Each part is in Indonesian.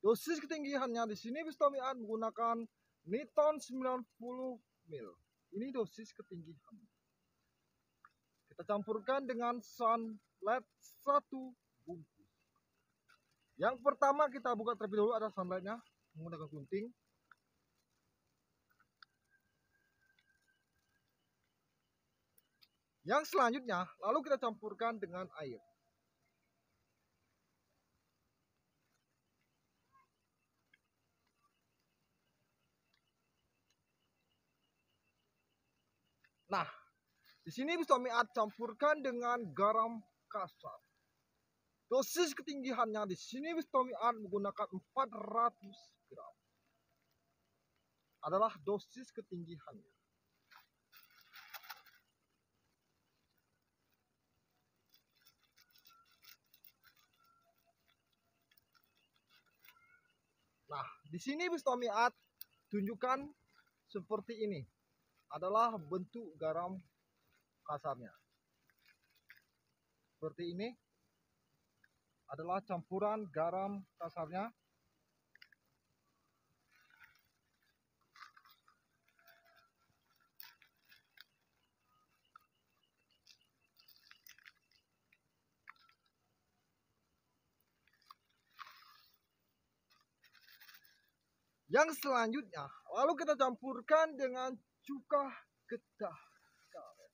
Dosis ketinggiannya di sini pistoliat menggunakan Niton 90 mil. Ini dosis ketinggian. Kita campurkan dengan sunlight satu bungkus. Yang pertama kita buka terlebih dahulu ada sunlightnya menggunakan gunting. Yang selanjutnya lalu kita campurkan dengan air. Nah, di sini bisa miat campurkan dengan garam kasar. Dosis ketinggiannya di sini bisa miat menggunakan 400 gram. Adalah dosis ketinggiannya. Nah, di sini bisa Bustamiat tunjukkan seperti ini adalah bentuk garam kasarnya. Seperti ini adalah campuran garam kasarnya. Yang selanjutnya, lalu kita campurkan dengan cuka getah karet.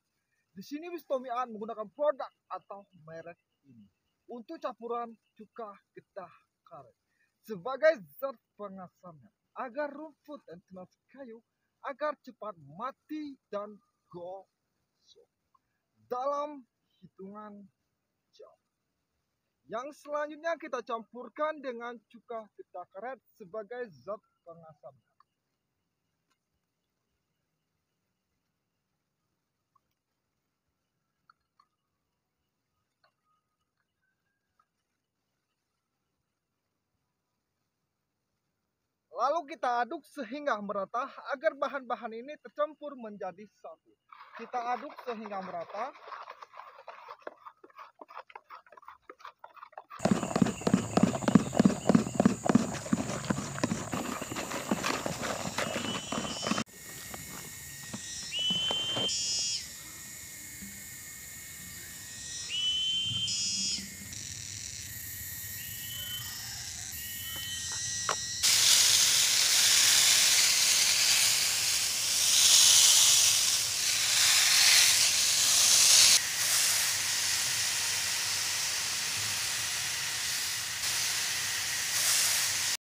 Di sini Tommy akan menggunakan produk atau merek ini untuk campuran cuka getah karet sebagai zat pengasamnya agar rumput dan tunas kayu agar cepat mati dan gosok dalam hitungan jam. Yang selanjutnya kita campurkan dengan cuka getah karet sebagai zat pengasamnya. Lalu kita aduk sehingga merata agar bahan-bahan ini tercampur menjadi satu. Kita aduk sehingga merata